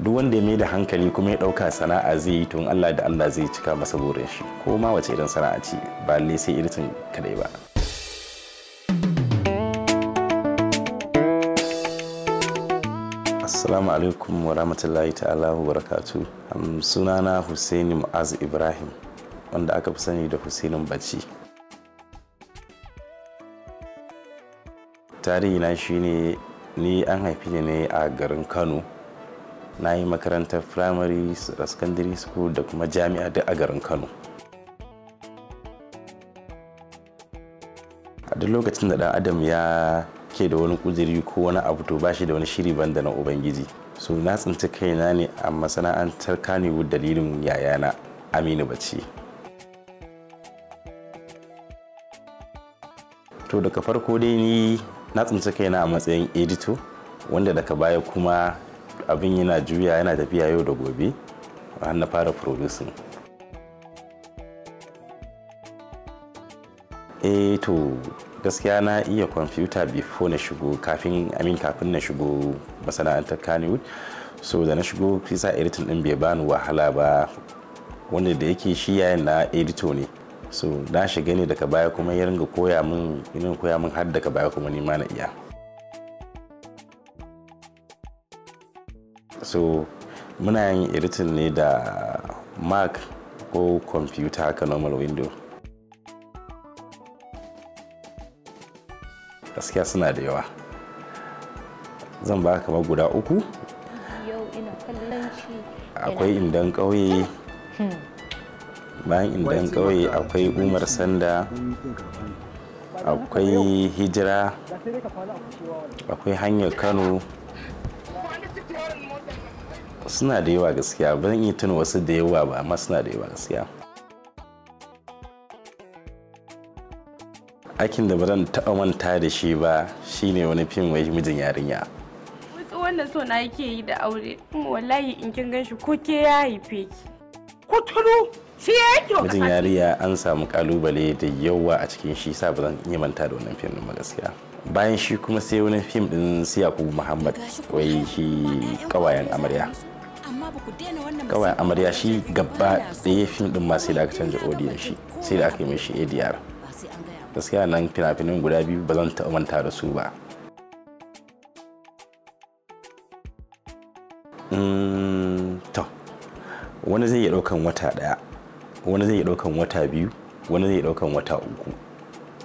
duk wanda ya mai da hankali kuma ya ɗauka sana'a zai yi tun Allah da Allah zai cika masa burin shi ko ma wace irin sana'a ce ba lalle sai irin kadai ba Assalamu alaikum wa rahmatullahi ta'ala wa barakatu. Sunana Husaini Mu'az Ibrahim wanda aka fi sani da Husainin Bacci. Tarihi na shine ni an haifi ne a garin Kano na yi makarantar primary secondary school da kuma jami'a da a garin kano a duk lokacin da dan adam ya ke da wani kujeri ko wani abu to bashi da wani shiri banda na ubangiji so na tsinci kaina ne a masana'antar kanewood dalilin yayana aminu bacci to daga farko dai ni na tsinci kaina a matsayin edito wanda daga baya kuma abin yana juya yana tafiya yau da gobe har na fara producing e to gaskiya na iya kwamfuta bifo na shigo kafin amin kafin na shigo masana'antar kanewood so da na shigo kisa editing din bai bani wahala ba wanda da yake shi yayin na edito ne so na shiga ne daga baya kuma ya ringa koya min koya har daga baya kuma nima na iya so muna yin editin ne da mac ko kwamfuta haka normal window gaskiya suna da yawa zan ba kamar guda uku akwai indan ƙauye bayan indan ƙauye akwai umar sanda akwai hijira akwai hanyar kano suna da yawa gaskiya ba zan iya tuna wasu da yawa ba amma suna da yawa gaskiya aikin da ba zan taɓa manta da shi ba shine wani fim mai mijin yarinya wannan so na yake yi da aure kuma wallahi in kin ganshi ko ke ya haife ki ko tulu shi ya yake wa mijin yarinya an samu kalubale da yawa a cikin shi sa ba zan iya manta da wannan fim din ba gaskiya bayan shi kuma sai wani fim din siya ku muhammad wai shi kawayen amarya kawai amarya shi gaba ɗaya fim din ma sai da aka canja odiyon shi sai da aka yi mishi adr gaskiya nan fina-finan guda biyu ba zan taɓa manta da su ba mm, to wani zai iya ɗaukan wata ɗaya wani zai iya ɗaukan wata biyu wani zai iya ɗaukan wata uku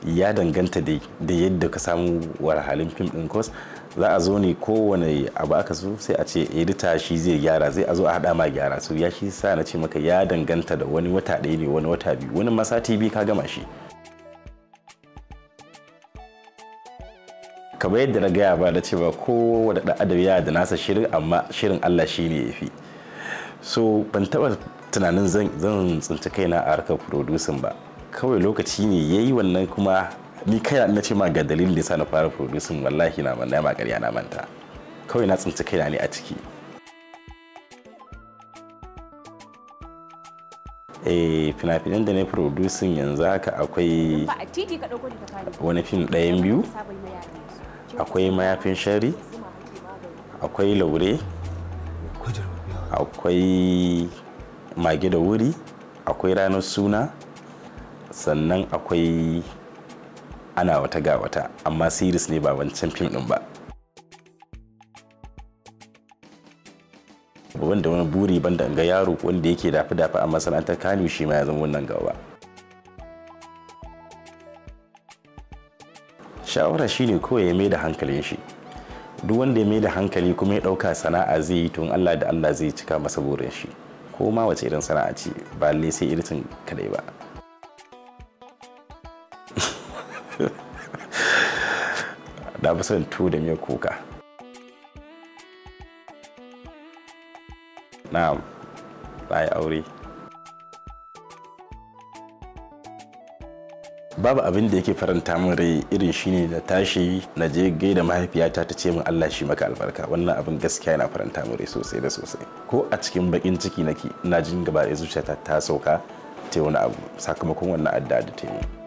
ya danganta da yadda ka samu halin fim din kos za a zo ne kowane abu aka so sai a ce edita shi zai gyara zai a zo a hada ma gyara so ya shi sa na ce maka ya danganta da wani wata ɗaya ne wani wata biyu wani masa tv ka gama shi kamar yadda na gaya ba da ba kowane da adam ya da nasa shirin amma shirin allah shi ne ya fi so ban taɓa tunanin zan tsinci kaina a harkar producing ba kawai lokaci ne ya yi wannan kuma ni kai na ce ma ga dalilin da sa na fara producing wallahi na manna ma ƙarya na manta kawai na tsinci kaina ne a ciki eh fina-finan da na producing yanzu haka akwai wani fim ɗayan biyu akwai mayafin shari akwai laure akwai mage da wuri akwai ranar suna sannan akwai ana wata ga wata amma series ne ba wancan fim din ba wanda wani buri ban ga yaro wanda yake dafi dafi a masana'antar kano shi ma ya zama wannan gaba shawara shine kawai ya mai da hankalin shi duk wanda ya mai da hankali kuma ya ɗauka sana'a zai yi tun allah da allah zai cika masa burin shi ko ma wace irin sana'a ce ba lallai sai irin kadai ba da ba son tuwo da miyar kuka na na aure babu abin da yake faranta min rai irin shine da tashi na je gaida mahaifiyata ta ce min Allah shi maka albarka wannan abin gaskiya yana faranta min rai sosai da sosai ko a cikin bakin ciki nake ina jin gaba da zuciyata ta sauka ta wani abu sakamakon wannan adda da ta yi